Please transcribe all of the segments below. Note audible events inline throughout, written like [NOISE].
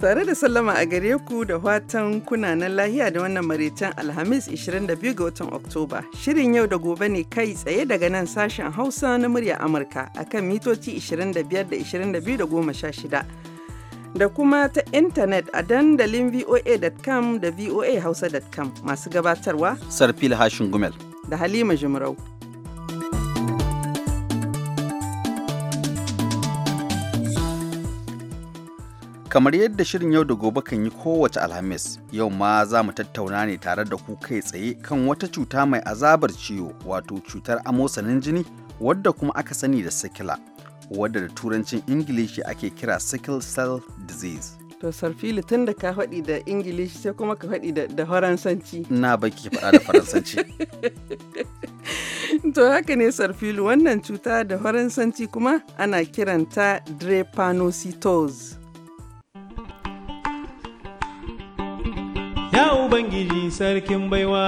Tare da sallama a gare ku da watan kunanan lahiya da wannan maritan Alhamis 22 ga watan Oktoba. Shirin yau da gobe ne kai tsaye daga nan sashen Hausa na murya Amurka akan mitoci 25 da 22 da kuma ta intanet a dandalin voa.com da voahausa.com masu gabatarwa. Sarfil Hashin Gumel. Da Halima Jumrau. Kamar yadda shirin yau da gobe kan yi kowace Alhamis, yau ma za mu tattauna ne tare da ku kai tsaye kan wata cuta mai azabar ciwo wato cutar amosanin jini wadda kuma aka sani da sikila, wadda da turancin Ingilishi ake kira sickle cell disease. To sarfili tun da ka faɗi da Ingilishi sai kuma ka faɗi da Faransanci. Na baki faɗa da Faransanci. [LAUGHS] to haka ne sarfili wannan cuta da Faransanci kuma ana kiranta drepanocytosis. Ya Ubangiji sarkin baiwa,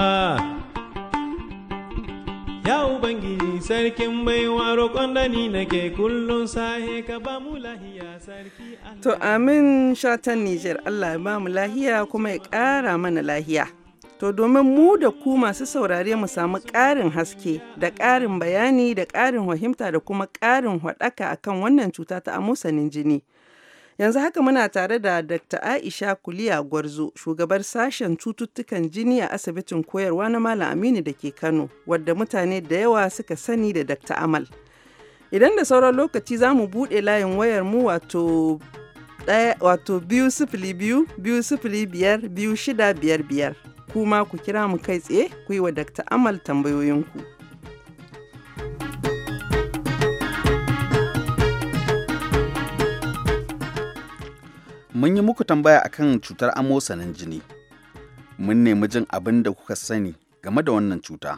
Ya Ubangiji sarkin baiwa roƙon da ni nake kullum sahe ka ba mu lahiya sarki To amin shatan Nijar Allah ya ba mu lahiya kuma ya ƙara mana lahiya. To domin mu da ku masu saurare mu samu ƙarin haske da ƙarin bayani da ƙarin fahimta da kuma ƙarin haɗaka akan wannan cuta ta amusanin jini. Yanzu haka muna tare da Dr. Aisha Kuliya Gwarzo, shugabar sashen cututtukan jini a asibitin koyarwa na Malam Aminu da ke Kano, wadda mutane da yawa suka sani da Dr. Amal. Idan da sauran lokaci za mu buɗe layin wayar mu wato wato biyu sifili biyu biyu sifili biyar biyu shida biyar biyar kuma ku kira mu kai tsaye ku yi wa Dr. Amal tambayoyinku. mun yi muku tambaya akan cutar amosanin jini mun nemi jin abin da kuka sani game da wannan cuta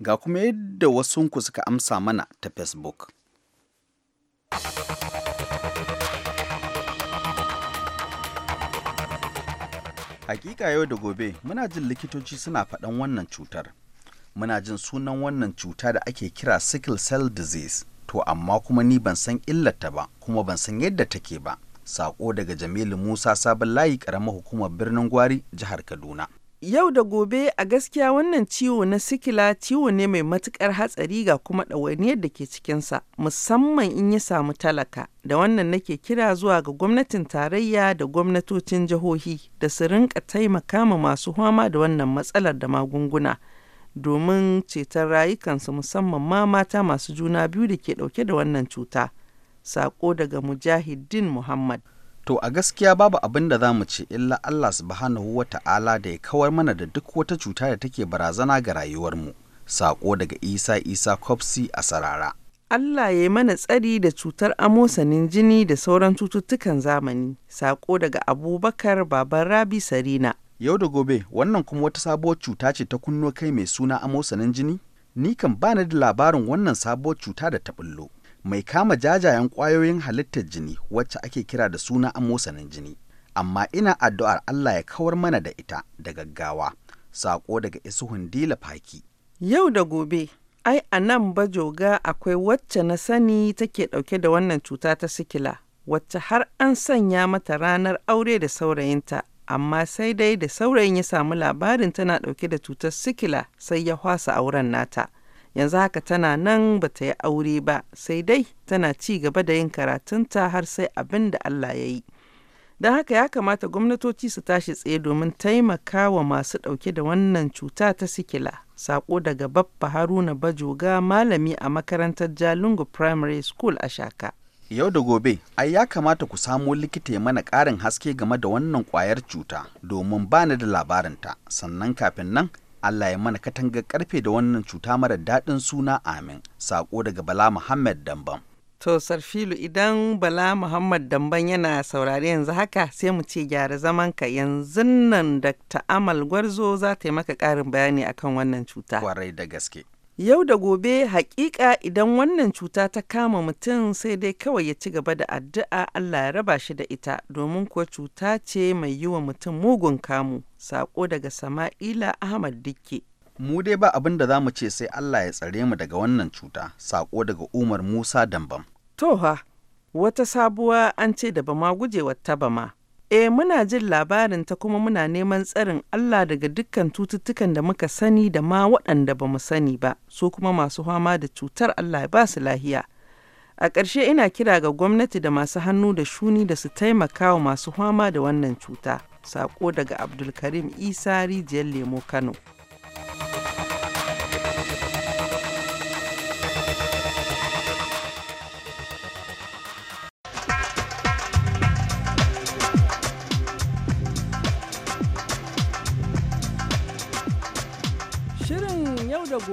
ga kuma yadda wasunku suka amsa mana ta facebook hakika yau da gobe muna jin likitoci suna faɗan wannan cutar muna jin sunan wannan cuta da ake kira sickle cell disease to amma kuma ni ban san illarta ba kuma ban san yadda take ba Sako daga Jamilu Musa Sabon Layi karamar hukumar birnin Gwari jihar Kaduna. Yau da gobe a gaskiya wannan ciwo na sikila ciwo ne mai matukar hatsari ga kuma ɗawainiyar da ke cikinsa musamman in ya samu talaka da wannan nake kira zuwa ga gwamnatin tarayya da gwamnatocin jihohi da su rinka taimaka ma masu fama da wannan matsalar da magunguna. domin ceton rayukansu musamman ma mata masu juna biyu da ke ɗauke da wannan cuta. Sako daga Mujahideen Muhammad. To a gaskiya babu abin da za mu ce illa Allah subhanahu wa ta'ala da ya kawar mana da duk wata cuta da take barazana ga rayuwarmu. Sako daga Isa Isa kofsi a Sarara. Allah ya yi mana tsari da cutar amosanin jini da sauran cututtukan zamani. Sako daga Abubakar Baban Rabi Sarina. Yau da gobe wannan kuma wata sabuwar cuta ce ta kunno kai mai suna amosanin jini? Ni kan bani da labarin wannan sabuwar cuta da ta ɓullo. mai kama jajayen ƙwayoyin halittar jini wacce ake kira da suna amosanin jini. Amma ina addu'ar Allah ya kawar mana da ita da gaggawa, saƙo daga isuhun dila faki. Yau da gobe, ai a nan bajoga akwai wacce na sani take ɗauke da wannan cuta ta sikila, wacce har an sanya mata ranar aure da saurayinta, amma sai dai da saurayin ya samu labarin tana ɗauke da cutar sikila sai ya hwasa auren nata. yanzu haka tana nan ba ta yi aure ba sai dai tana ci gaba da yin karatunta har sai abin da Allah ya yi. Don haka ya kamata gwamnatoci su tashi tsaye domin taimaka wa masu ɗauke da wannan cuta ta sikila. Sako daga Baffa Haruna Bajoga malami a makarantar Jalingo Primary School a Shaka. Yau da gobe, ai ya kamata ku samo likita ya mana ƙarin haske game da wannan ƙwayar cuta domin ba ni da labarinta, sannan kafin nan Allah ya mana katanga karfe da wannan cuta mara daɗin suna amin saƙo daga Bala Muhammad Damban. To Sarfilu idan Bala Muhammad Damban yana saurari yanzu haka sai mu ce gyara zaman ka yanzu nan Dr. Amal Gwarzo za ta yi maka ƙarin bayani akan wannan cuta. Kwarai da gaske. Yau da gobe haƙiƙa idan wannan cuta ta kama mutum sai dai kawai ya ci gaba da addu'a Allah ya raba shi da ita domin kuwa cuta ce mai yi wa mutum mugun kamu. Sako daga Sama'ila Ahmad Dikke. Mu dai ba abin da za mu ce sai Allah ya tsare mu daga wannan cuta. Sako daga Umar Musa Dambam. Toha, wata sabuwa an ce da bama gujewa ta ma. Eh muna jin labarin ta kuma muna neman tsarin Allah daga dukkan cututtukan da muka sani da ma waɗanda ba mu sani ba, su kuma masu fama da cutar Allah ba su lahiya. A ƙarshe ina kira ga gwamnati da masu hannu da shuni da su taimaka wa masu fama da wannan cuta. Sako daga Abdulkarim Isa Rijiyar Lemo Kano.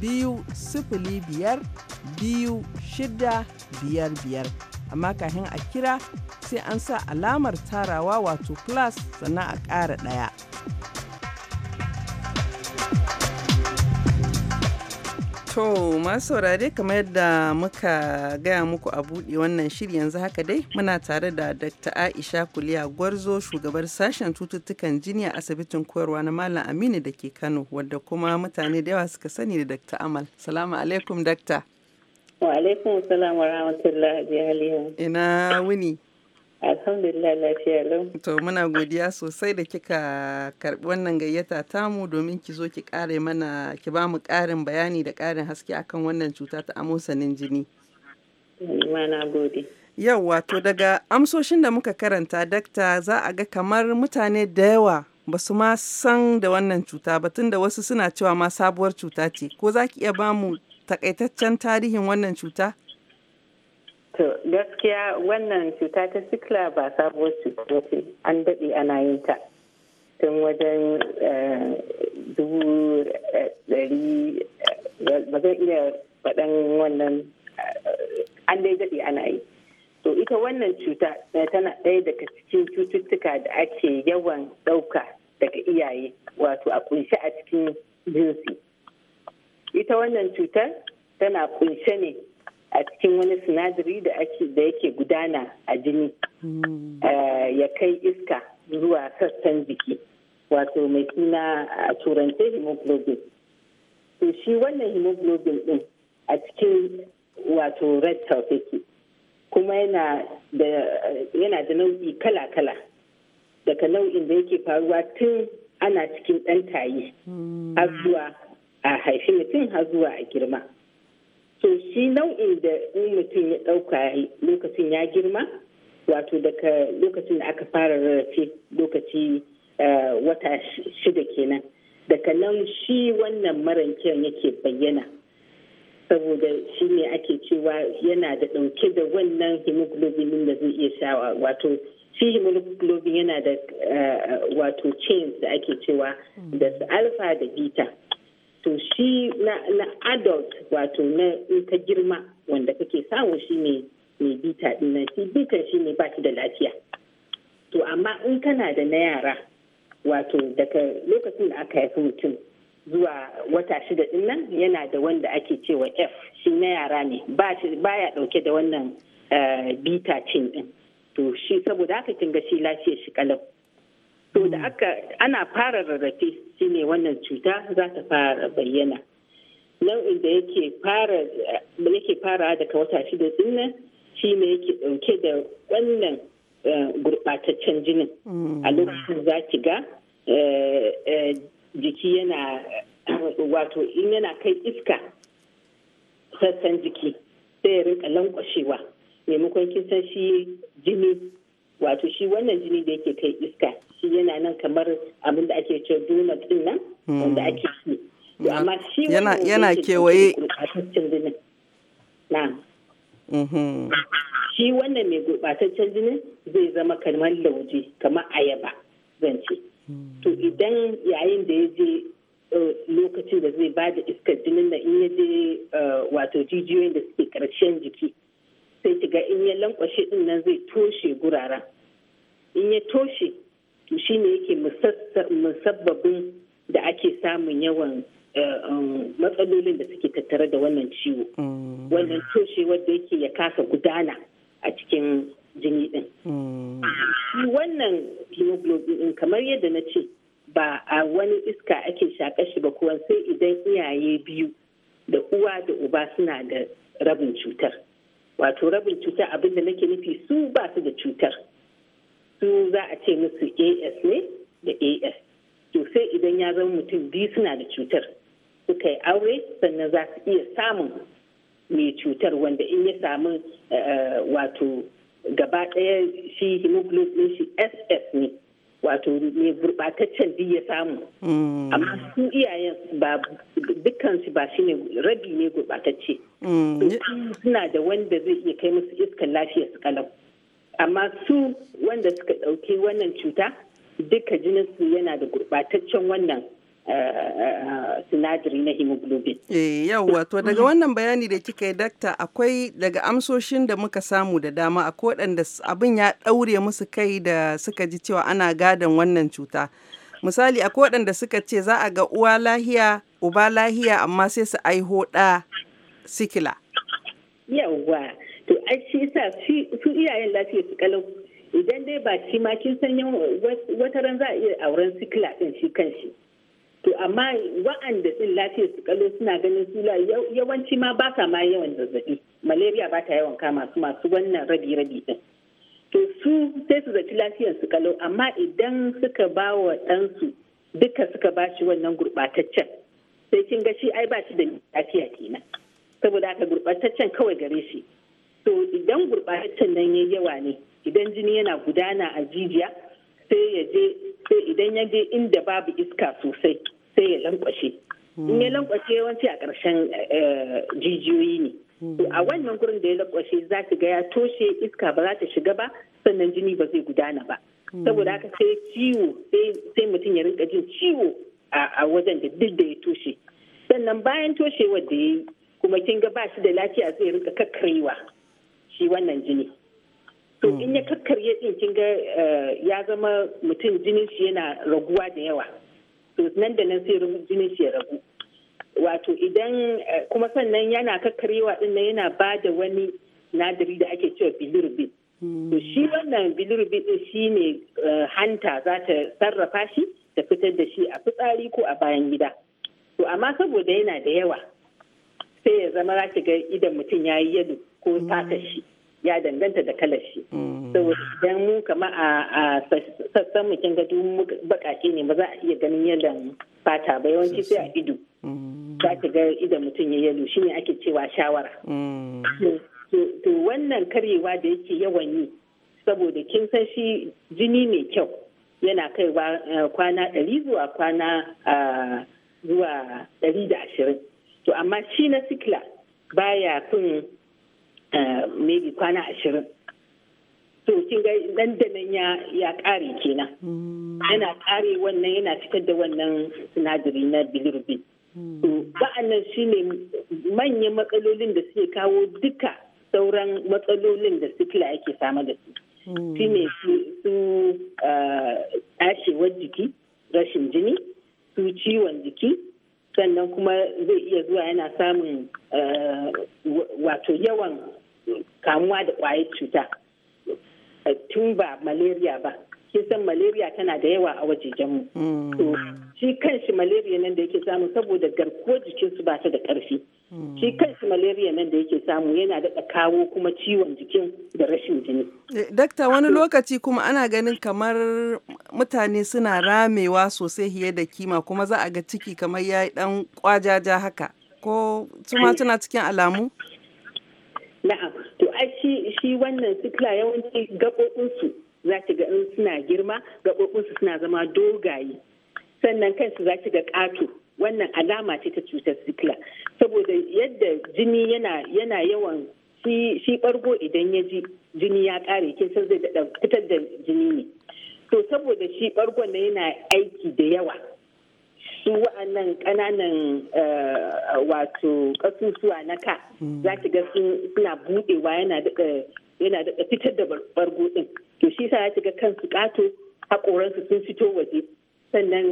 biyu sifili biyar biyu shida biyar biyar amma kafin a kira sai an sa alamar tarawa wato plus sannan a ƙara ɗaya. To masu saurare kamar yadda muka gaya muku a buɗe wannan shiri yanzu haka dai muna tare da Dr. Aisha Kuliya Gwarzo shugabar sashen cututtukan jini a asibitin koyarwa na Malam Aminu da ke Kano wadda kuma mutane da yawa suka sani da Dr. Amal. Salamu alaikum Dr. Wa alaikum salam wa rahmatullahi Ina wuni. Alhamdulillah lafiya lau. To muna godiya sosai da kika karɓi wannan gayyata tamu domin ki zo ki kare mana ki ba mu karin bayani da karin haske akan wannan cuta ta amosanin jini. Mana gode. Yau wato daga amsoshin da muka karanta dakta za a ga kamar mutane da yawa ba su ma san da wannan cuta ba tunda wasu suna cewa ma sabuwar cuta ce ko za ki iya ba mu takaitaccen tarihin wannan cuta? To gaskiya wannan cuta ta sikla ba sabuwar cuta ce an daɗe ana yin ta tun wajen eh, dubu eh, ɗari eh, ba zan iya faɗan wannan an dai daɗe ana yi. To ita wannan cuta tana ɗaya daga cikin cututtuka da ake yawan ɗauka daga iyaye wato a kunshe a cikin jinsi. Ita wannan cutar tana kunshe ne a cikin wani sinadari da yake gudana a jini hmm. eh, ya kai iska zuwa sassan jiki wato mai suna a turance hemoglobin to shi wannan hemoglobin din a cikin wato red cell yake kuma yana da nau'i kala-kala daga nau'in da yake faruwa tun ana cikin ɗan tayi hmm. har zuwa a haifi mutum har zuwa a girma. so shi nau'in da in mutum ya ɗauka lokacin ya girma wato daga lokacin da aka fara rarrafe lokaci eh, wata shida kenan daga nan shi wannan maran kyan yake bayyana saboda shi ne ake cewa yana da ɗauke da wannan hemoglobin da zai iya sha wato shi hemoglobin yana da eh, wato chains da ake cewa da su alpha da beta to shi na adult wato na ta girma wanda kake samu shi ne mai bita dinnan shi bitar shi ne ba da lafiya to amma in kana da na yara wato daga lokacin da aka haifi mutum zuwa wata shida dinnan yana da wanda ake cewa f shi na yara ne ba ya dauke da wannan eh, bita cin din to shi saboda haka kin ga shi lafiyar shi kalau to da mm. aka ana fara rarrafe shine wannan cuta za ta fara bayyana nau'in da yake fara yake fara daga wata shida din nan shine yake dauke da wannan eh, gurbataccen jinin a mm. lokacin za ki ga eh, eh, jiki yana wato in yana kai iska sassan jiki sai ya rinka lankwashewa maimakon kin shi jini wato shi wannan jini da yake kai iska shi yana nan kamar abin da ake cewa duna din nan wanda hmm. ake ci amma shi yana yana kewaye jinin na mm-hmm. shi wannan mai gurɓataccen jinin zai zama kamar lauje kamar ayaba zan ce hmm. to idan yayin da ya je uh, lokacin da zai ba da iskar jinin na in ya je uh, wato jijiyoyin da suke ƙarshen jiki sai ga in ya lankwashe din nan zai toshe gurara in ya toshe to ne yake musabbabin da ake samun yawan eh, um, matsalolin da suke tattare da wannan ciwo mm. wannan toshe wadda yake ya kasa gudana a cikin jini din mm. wannan hemoglobin kamar yadda na ce ba a wani iska ake shaƙa shi ba kuwa sai idan iyaye biyu da uwa da uba suna da rabin cutar wato rabin cutar abinda nake nufi su ba su da cutar su za a ce musu as ne da as to sai idan ya zama mutum biyu suna da cutar suka yi aure sannan za su iya samun mai cutar wanda in ya samu eh, wato gaba ɗaya shi hemoglobin shi ss ne wato mai gurɓataccen bi ya samu mm. amma su iyayen ba dukkan su ba ne rabi ne gurɓatacce mm. suna da wanda zai iya kai musu iskan lafiya su kalau amma su wanda suka ɗauki wannan cuta duka jininsu yana da gurɓataccen wannan eh, eh, sinadari na hemoglobin. Eh, yau wato daga wannan bayani da kika yi dakta akwai daga amsoshin da muka samu da dama a waɗanda abin ya ɗaure musu kai da suka ji cewa ana gadon wannan cuta. Misali akwai waɗanda suka ce za a ga uwa lahiya, uba lahiya amma sai su aiho ɗa sikila. Yawwa. to ai shi yasa su iyayen lafiya su kalau idan dai ba shi ma kin san wata ran za a iya auren sikila din shi kanshi to amma wa'anda din lafiya su kalau suna ganin su yawanci ma ba sa ma yawan zazzabi malaria ba ta yawan kama su masu wannan rabi rabi din to su sai su zaci lafiyar su kalau amma idan suka ba wa ɗansu duka suka ba shi wannan gurɓataccen sai kin ga shi ai ba shi da lafiya kenan saboda haka gurɓataccen kawai gare shi idan gurɓataccen nan ya yawa ne idan jini yana gudana a jijiya sai ya je sai idan ya je inda babu iska sosai sai ya lankwashe in ya hmm. lankwashe yawanci a ƙarshen eh, jijiyoyi ne hmm. a wannan gurin da ya lankwashe za ki ga ya toshe iska ba za ta shiga ba sannan jini ba zai gudana ba hmm. saboda haka sai ciwo sai mutum ya rinka jin ciwo a wajen da duk da ya toshe sannan bayan toshewar da ya yi kuma kin ga ba shi da lafiya zai rinka kakkarewa shi wannan jini to mm. in ya kakkarye din kin ga eh, ya zama mutum jinin shi yana raguwa da yawa to nan da nan sai jinin shi ya ragu wato idan eh, kuma sannan yana kakkaryewa din nan yana ba da wani nadiri da ake cewa bilirubin mm. to shi wannan bilirubin din shi ne eh, hanta za ta sarrafa shi ta fitar da shi a fitsari ko a bayan gida to amma saboda yana da yawa sai ya zama za ga idan mutum ya yi yadu ko fata shi ya danganta da kalar shi. Mm. idan mu kama a sassan mu gado bakake ne ba za a iya ganin yadda fata ba yawanci sai a ido. Mm. Za ki ga idan mutum ya yalo ne ake cewa shawara. Mm. To wannan karyewa da yake yawan yi saboda kin san shi jini mai kyau yana kaiwa eh, kwana ɗari zuwa kwana zuwa ɗari da ashirin. To amma shi na sikila baya fin Eh, maybe kwana ashirin to kin ga nan da ya ya kare kenan hmm. yana kare wannan yana fitar da wannan sinadari na bilirubin to ba'annan shine manyan matsalolin da suke kawo duka sauran matsalolin da sikila yake samu da su hmm. shine su eh, ashewar jiki rashin jini su ciwon jiki sannan kuma zai iya zuwa yana samun eh, wato yawan kamuwa da kwayar cuta eh, tun ba malaria ba kisan malaria tana da yawa a wajejenmu to shi kanshi malaria nan da yake samu saboda garkuwar jikinsu ba ta da ƙarfi shi kanshi malaria nan da yake samu yana da kawo kuma ciwon jikin da rashin jini eh, dakta wani lokaci kuma ana ganin kamar mutane suna ramewa sosai fiye da kima kuma za a ga ciki kamar ya yi ɗan kwajaja haka ko suna suna cikin alamu na'am to ai shi shi wannan sikila yawanci gaɓoɓinsu za ki ga in suna girma gaɓoɓinsu suna zama dogaye sannan kansu za ki ga ƙato wannan alama ce ta cutar sikila saboda yadda jini yana yana yawan shi ɓargo idan ya ji jini ya ƙare kin san zai fitar da jini ne to saboda shi ɓargon na yana aiki da yawa su wa'annan kananan eh, wato kasusuwa na ka mm. za ki ga suna budewa yana daga fitar da bargo din to shi sa ya ga kansu kato haƙoransu sun fito waje sannan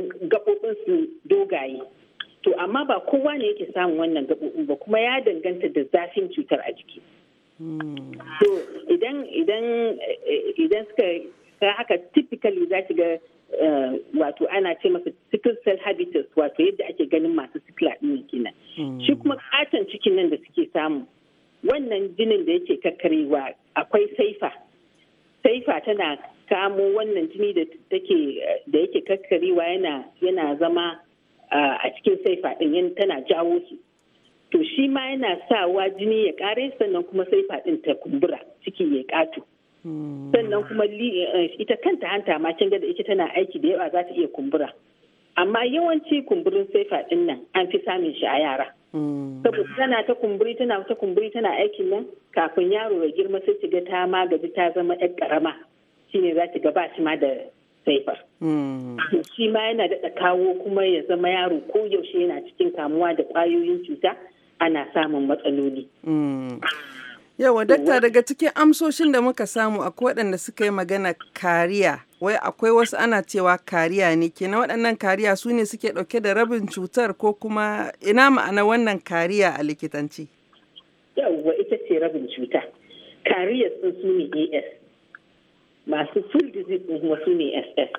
su dogaye to amma ba kowa ne yake samun wannan gaɓoɓin ba kuma ya danganta da zafin cutar a jiki mm. to idan idan eh, idan suka haka typically za ki ga Eh, wato ana ce masa sickle cell habitus wato yadda ake ganin masu sikla ɗin kenan hmm. shi kuma katon cikin nan da suke samu wannan jinin da yake kakkarewa akwai saifa saifa tana kamo wannan jini da yake kakkarewa yana yana zama eh, a cikin saifa ɗin yan tana jawo su to shi ma yana sawa jini ya kare sannan kuma saifa ɗin ta kumbura ciki ya ƙato sannan kuma eh, ita kanta hanta ma can ga da ita tana aiki da yawa za ta iya kumbura amma yawanci kumburin saifa faɗin nan an fi samun shi a yara mm. saboda tana ta kumburi tana ta kumburi tana aikin nan kafin yaro ya girma sai ta ga ta magaji ta zama yar karama shine za ta ga ba shi ma da saifar mm. shi ma yana daɗa kawo kuma ya zama yaro ko yaushe yana cikin kamuwa da ƙwayoyin cuta ana samun matsaloli mm. Yawa, dakta daga cikin amsoshin da muka samu akwai waɗanda suka yi magana kariya. Wai akwai wasu ana cewa kariya ne, kenan waɗannan kariya su ne suke ɗauke da rabin cutar ko kuma ina ma'ana wannan kariya a likitanci? Yawa, ita ce rabin cuta. kariya sun su ne AS. Masu full disease ɗin kuma su ne SS.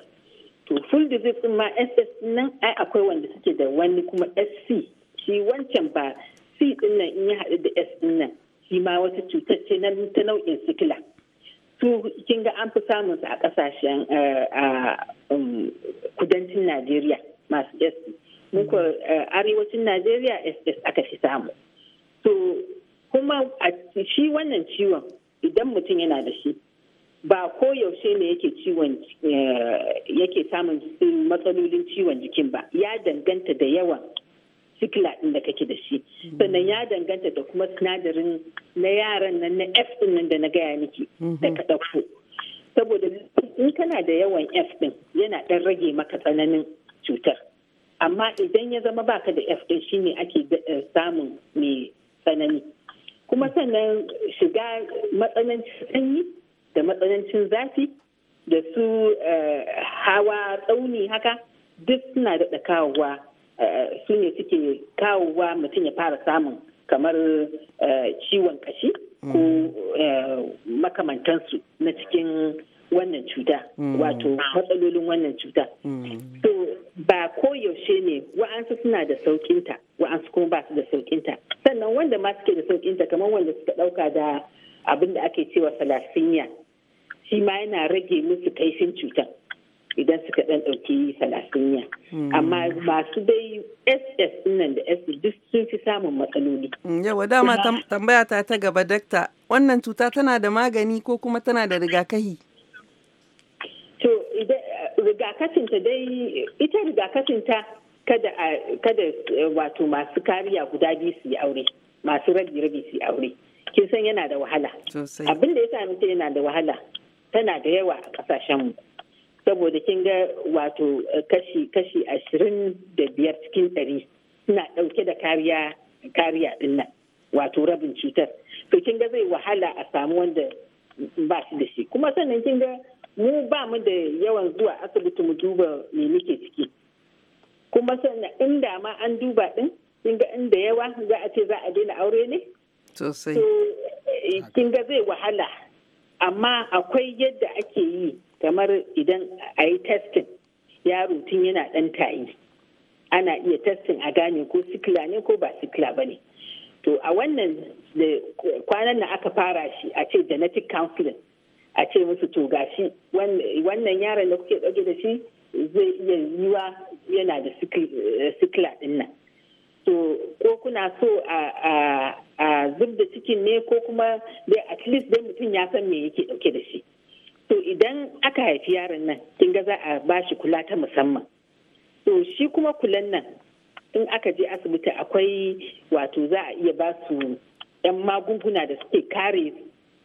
To full disease ɗin ma SS nan ai akwai wanda suke da wani kuma SC. Shi wancan ba C ɗin nan in ya haɗu da S ɗin nan. shi ma wata cutar ce na ta nau'in sikila su kin ga an fi samun su a kasashen eh, a um, kudancin najeriya masu ss muku eh, arewacin najeriya ss aka fi samu so kuma a shi wannan ciwon idan mutum yana da shi ba ko yaushe ne yake ciwon eh, yake samun matsalolin ciwon jikin ba ya danganta da yawan sikila ɗin da kake da shi sannan ya danganta da kuma sinadarin na yaran nan na f ɗin nan da na gaya miki da ka ɗauko saboda in kana da yawan f ɗin yana ɗan rage maka tsananin cutar amma idan ya zama baka da f ɗin shine ake eh, samun mai tsanani kuma sannan shiga matsanancin sanyi da matsanancin zafi da su eh, hawa tsauni haka duk suna da kawowa Eh, su ne suke kawowa mutum ya fara samun kamar eh, ciwon kashi ko eh, makamantansu na cikin wannan cuta mm. wato matsalolin wannan cuta mm. to ba koyaushe ne wa'ansu suna da saukinta wa'ansu kuma ba su da saukinta sannan wanda ma suke da saukinta kamar wanda suka dauka da abinda ake cewa salasinya shi ma yana rage musu kaifin cutar idan suka dan ɗauki salasiniya hmm. amma masu dai ss nan da ss duk sun fi samun matsaloli hmm, yawa dama tambaya ta ta gaba dakta wannan cuta tana da magani ko kuma tana da rigakafi to dai ita rigakafinta kada kada eh, wato masu kariya guda biyu su yi aure masu rabi rabi su yi aure kin san yana da wahala abin da ya sami yana da wahala tana da yawa a kasashenmu mu saboda kin ga wato eh, kashi kashi ashirin da biyar cikin ɗari suna ɗauke da kariya kariya ɗin nan wato rabin cutar to kin ga zai wahala a samu wanda ba shi da shi kuma sannan kin ga mu ba mu da yawan zuwa asibiti mu duba me muke ciki kuma sannan inda ma an duba ɗin kin ga inda yawa za a ce za a daina aure ne sosai eh, kin ga zai wahala amma akwai yadda ake yi kamar idan a yi testin yaro tun yana ɗan tayi ana iya testin a gane ko sikila ne ko ba sikila ba ne to a wannan kwanan na aka fara shi a ce genetic counseling a ce musu to gashi wannan yaron da kuke ɗauke da shi zai iya yiwa yana da sikila ɗin nan to ko kuna so a zub da cikin ne ko kuma dai at least dai mutum ya san me yake ɗauke da shi idan aka haifi yaron nan kin ga za a ba shi kula ta musamman to shi kuma kulan nan in aka je asibiti akwai wato za a iya ba su yan magunguna da suke kare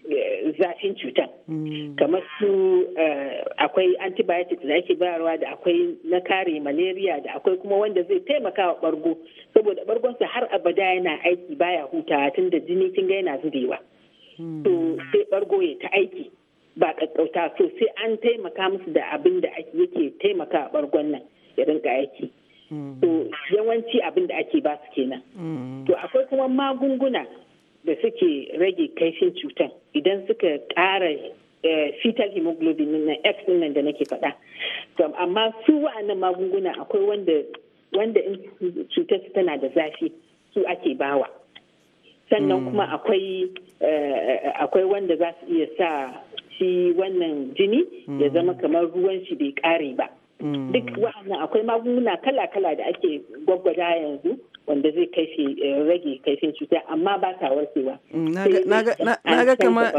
eh, zafin cutan hmm. kamar su eh, akwai antibiotics da ake bayarwa da akwai na kare malaria da akwai kuma wanda zai taimaka wa bargo saboda bargonsa har abada yana aiki baya hutawa tunda jini kinga yana zubewa hmm. to sai bargo ya ta aiki ba ƙaƙƙauta so sai an taimaka musu da abin da yake taimaka a bargon nan ya rinka aiki to mm. yawanci abin da ake ba su kenan mm. to akwai kuma magunguna da suke rage kaifin cutan idan suka ƙara eh, fetal hemoglobin na x nan da nake faɗa amma su wa'annan magunguna akwai wanda wanda in cutar su tana da zafi su ake bawa sannan mm. kuma akwai eh, akwai wanda za su iya sa shi wannan jini ya mm. zama kamar ruwan shi bai kare ba mm. duk wa'annan akwai magunguna kala-kala da ake gwaggwada yanzu wanda zai kaifi eh, rage kaifin cuta amma ba ta warkewa mm,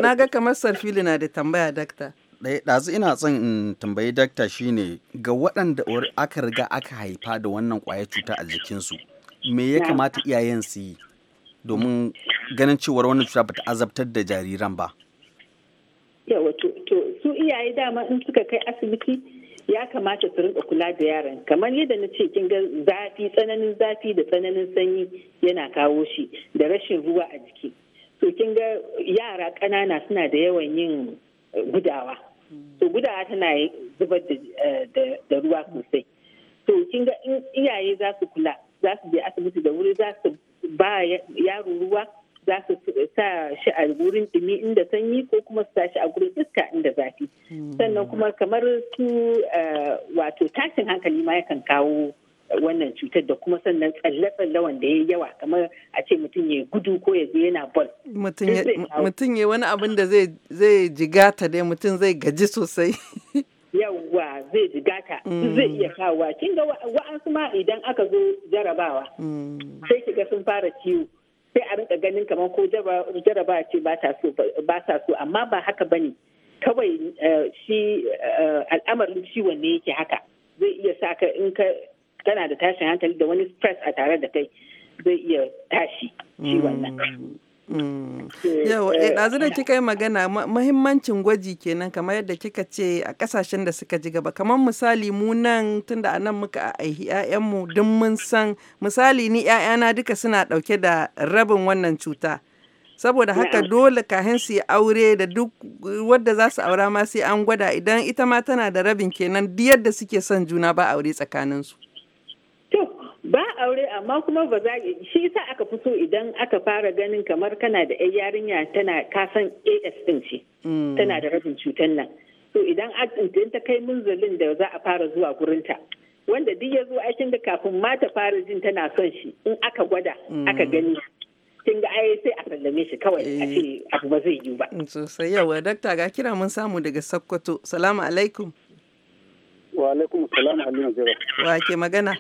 na ga kamar sarfili na da tambaya dakta eh, ɗazu ina son in tambayi dakta shine ga waɗanda aka riga aka haifa da wannan ƙwayar cuta a jikinsu me ya kamata iyayen su yi domin ganin cewar wannan cuta bata azabtar da jariran ba yawa to su iyaye dama in suka kai asibiti ya kamata su rinka kula da yaran kamar yadda na ce kin ga zafi tsananin zafi da tsananin sanyi yana kawo shi da rashin ruwa a jiki to kin ga yara ƙanana suna da yawan yin eh, gudawa to gudawa tana zubar eh, da ruwa sosai to kin ga iyaye za su kula za su je asibiti da wuri za su ba yaro ruwa za su sa shi a gurin dumi inda sanyi ko kuma su sa shi a gurin iska inda zafi hmm. sannan kuma kamar su eh, wato tashin hankali ma yakan kawo wannan cutar da kuma sannan tsalle-tsalle wanda ya yawa kamar a ce mutum ya gudu ko ya je yana bol. Mutum ya wani abin da zai jigata dai mutum zai gaji sosai. [LAUGHS] Yawwa zai jigata hmm. zai iya kawowa. Kin ga wa'ansu ma idan aka zo jarabawa hmm. sai kiga sun fara ciwo. sai a rinka ganin kamar ko jaraba ce ba ta so amma ba haka ba ne kawai eh, shi eh, al'amarin ciwon ne yake haka zai iya sa ka in ka kana da tashin hankali da wani stress a tare da kai zai iya tashi ciwon nan mm. Mm. Eh, Yau, eh, eh, ɗazu da kika yi magana mahimmancin gwaji kenan kamar yadda kika ce a kasashen da suka ji gaba. Kamar misali mu nan tunda anan muka aihi ‘ya'yanmu duk mun san misali ni ‘ya'yana duka suna ɗauke da rabin wannan cuta. Saboda haka dole kahin su yi aure da duk wadda za su aura ma sai an gwada idan ita ma tana da rabin kenan duk yadda suke son juna ba aure tsakaninsu. ba aure amma kuma ba za shi yasa aka fi so idan aka fara ganin kamar kana da yar yarinya tana kasan as din ce mm. tana da rabin cutar nan to idan ta kai munzalin da za a fara zuwa gurinta wanda duk ya zo aikin da kafin mata fara jin tana son shi in aka gwada mm. aka gani kin ga ai sai a sallame shi kawai a ce eh. abu ba zai yi ba mm, sosai yawa dakta ga kira mun samu daga sakkwato salamu alaikum wa alaikum salam aliyu wa ke magana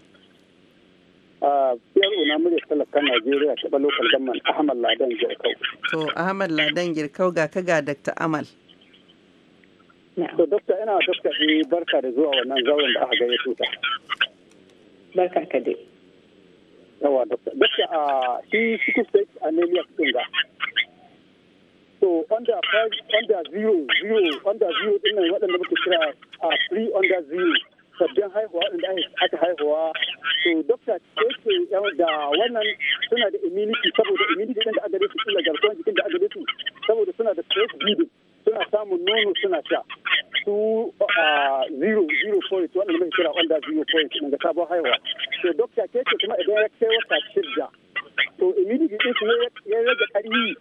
yaro na murya talakan Najeriya taɓa lokal gamman Ahmad Ladan Girkau. To Ahmad Ladan Girkau ga ka ga Dr. Amal. To Dokta ina Dokta ɗi barka da zuwa wannan zauren da aka gaya tuta. Barka ka dai. Yawa Dokta. Dokta a shi cikin state anemia ɗin ga. So under five under zero zero under zero ɗin waɗanda muke kira a three under zero. sabbin haihuwa inda aka haihuwa to dokta ce da wannan suna da immunity saboda immunity ɗin da aka su kila garkuwar jikin da aka su saboda suna da stress bleeding suna samun nono suna sha su zero zero point wannan mai kira wanda zero point ga sabon haihuwa to dokta ce kuma idan ya kai wata shidda to immunity ɗin su ya rage ƙarfi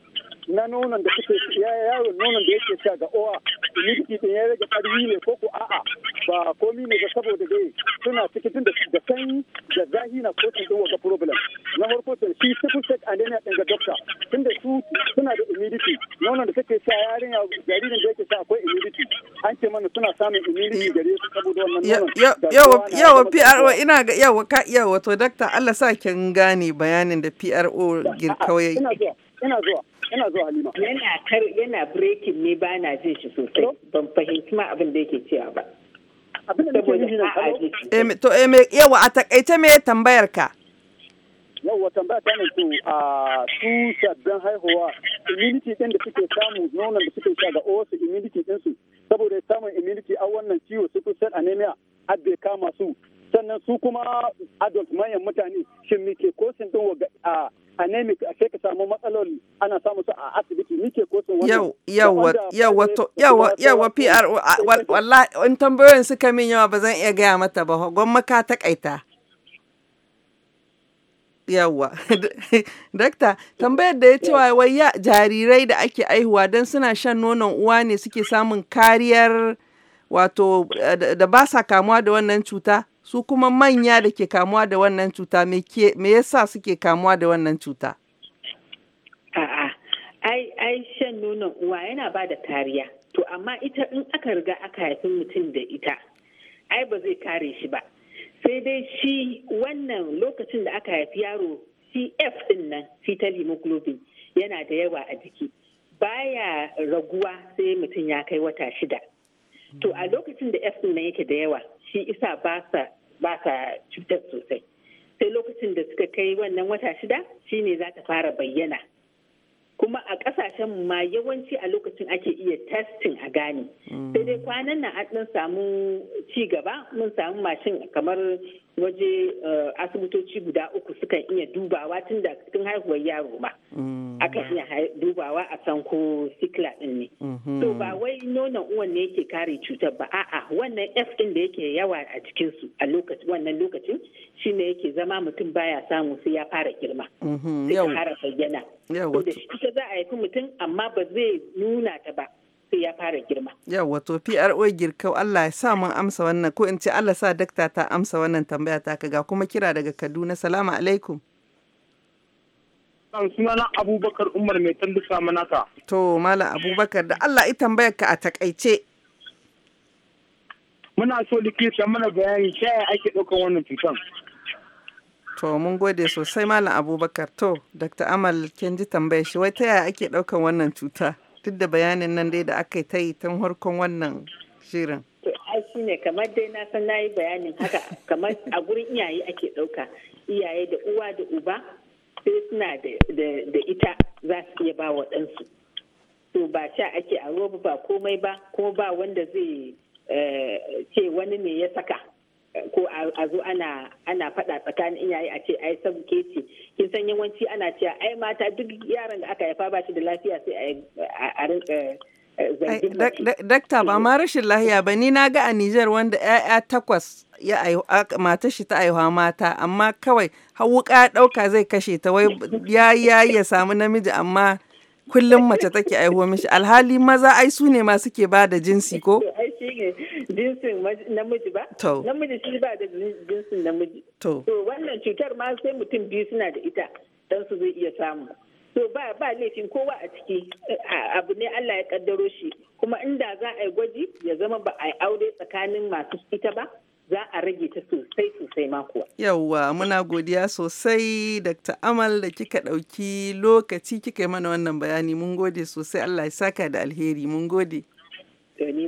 na nonon da suke ya yaro nonon da yake sha ga owa immunity din ya rage karfi ne ko ko a'a ba komi ne ga saboda dai suna cikin da da sanyi da zahi na ko tun wata problem na farko to shi sickle cell anemia din ga doctor tunda su suna da immunity nonon da suke sha yarinya jaririn da yake sha akwai immunity an ce mana suna samun immunity mm. gare su saboda wannan nonon yawa PRO ina ga yawa ka yawa to doctor Allah sa kin gane bayanin da PRO girkawai ina zuwa ina zuwa Yana zuwa Halima. Yana kar yana breaking ne ba na jin shi sosai. Ban fahimci ma abin da yake cewa ba. Abin da nake eh, To eh me yawa a takaice me tambayar ka? Yawa tambaya ta ne to a su sabbin haihuwa immunity din da suke samu nonon da suke sha ga osu immunity din su saboda samun immunity a wannan ciwo su cell anemia har bai kama su sannan su kuma adult manyan mutane shin sun kosin ga a anemic sai ka samu matsaloli ana samu su a asibiti ko sun wannan yawa yawa yawa yawa PR wallahi in tambayoyin suka min yawa ba zan iya gaya mata ba gwamma ka takaita yawwa [LAUGHS] dakta tambayar da ya ce wai ya jarirai da ake aihuwa don suna shan nonon uwa ne suke samun kariyar wato eh, da ba sa kamuwa da wannan cuta su kuma manya da ke kamuwa da wannan cuta me yasa suke kamuwa da wannan cuta a'a ai ai shan nonon uwa yana ba da kariya to amma ita in aka riga aka haifi mutum da ita ai ba zai kare shi ba sai dai shi wannan lokacin da aka haifi yaro cf din nan fetal hemoglobin yana da yawa a jiki baya raguwa sai mutum ya kai wata shida to a lokacin da f din nan yake da yawa shi isa ba sa ba ka cutar sosai sai lokacin da suka kai wannan wata shida shine za ta fara bayyana kuma a kasashen ma yawanci a lokacin ake iya testing a gane mm. sai dai kwanan nan an samu ci gaba mun samu mashin kamar waje eh, asibitoci guda uku sukan iya dubawa tun da cikin haihuwar yaro ma Mm. aka iya dubawa a san ko sikla din ne mm-hmm. to ba wai nonon uwan ne yake kare cutar ba a'a wannan f din da yake yawa a cikin su a lokacin wannan lokacin shi ne yake zama mutum baya samu sai ya fara girma mm-hmm. sai ya fara bayyana to da kusa za a haifi mutum amma ba zai nuna ta ba sai ya fara girma. Yawwa to PRO girkau Allah ya sa mun amsa wannan ko in ce Allah sa dakta ta amsa wannan tambaya ta kaga kuma kira daga Kaduna salamu alaikum. sunana Abubakar Umar mai tanduka manaka. To Malam Abubakar da Allah i tambayar ka a takaice. Muna so likita mana bayani ta yaya ake ɗaukar wannan cutar. To mun gode sosai Malam Abubakar to Dr. Amal kin ji tambayar shi wai ta yaya ake ɗaukar wannan cuta duk da bayanin nan dai da aka yi ta yi tun harkon wannan shirin. ai shi ne kamar dai na san na yi bayanin haka kamar a gurin iyaye ake ɗauka iyaye da uwa da uba suna da ita za su iya ba waɗansu to ba sha ake a roba ba komai ba ko ba wanda zai eh, ce wani ne ya saka ko a zo ana ana faɗa tsakanin iyaye a ce ai ke ce kin san yawanci ana cewa ai mata duk yaran da aka haifa ba shi da lafiya sai a rinka Dakta ba ma rashin lahiya ba ni na ga a Nijar wanda 'ya'ya takwas ya mata shi ta aihuwa mata amma kawai hawuka dauka zai kashe ta wai ya ya ya samu namiji amma kullum mace take aihuwa mishi alhali maza ai su ne ma suke ba da jinsi ko? [LAUGHS] jinsin namiji ba? To. Namiji shi ba da jinsin namiji. To. To wannan cutar ma sai mutum biyu suna da ita don su zai iya samu. so ba ba laifin kowa a ciki abu ne Allah ya kaddaro shi kuma inda za a yi gwaji ya zama ba a yi aure tsakanin masu ita ba za a rage ta sosai sosai makuwa. Yawwa muna godiya sosai Dr. Amal da kika ɗauki lokaci kika yi mana wannan bayani mun gode sosai Allah ya saka da alheri mun gode.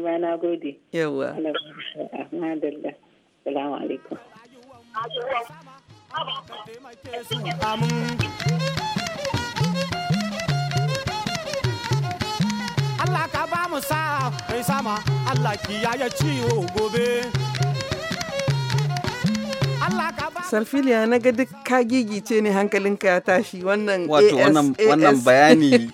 ma na gode. Yawwa. Allah ka ba mu sa mai sama Allah kiyaye ciwo gobe. Salfiliya na ga duk ka gigice ne hankalinka ya tashi wannan Wato wannan bayani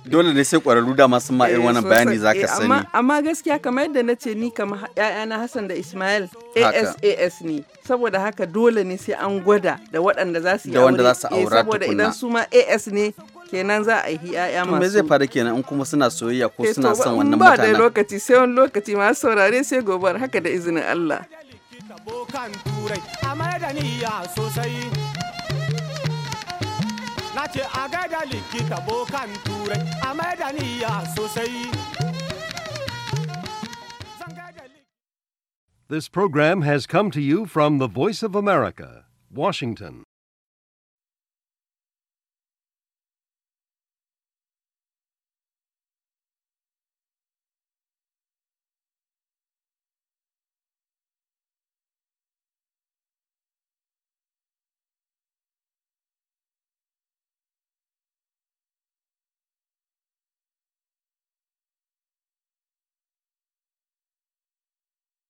[LAUGHS] dole ne sai ƙwararru da masu ma irin wannan eh, bayani za ka eh, sani. Amma gaskiya kamar yadda na ce ni kamar ‘ya'yana Hassan da Ismail ASAS ne. Saboda haka dole ne sai an gwada da waɗanda za su yi aure. Eh, saboda idan su ma AS ne kenan za a yi ‘ya'ya masu. Me zai faru kenan in kuma suna soyayya ko suna son wannan mutanen. Ba da lokaci sai wani lokaci masu saurare sai gobar haka da izinin Allah. abokan turai sosai a likita turai sosai This program has come to you from the Voice of America, Washington.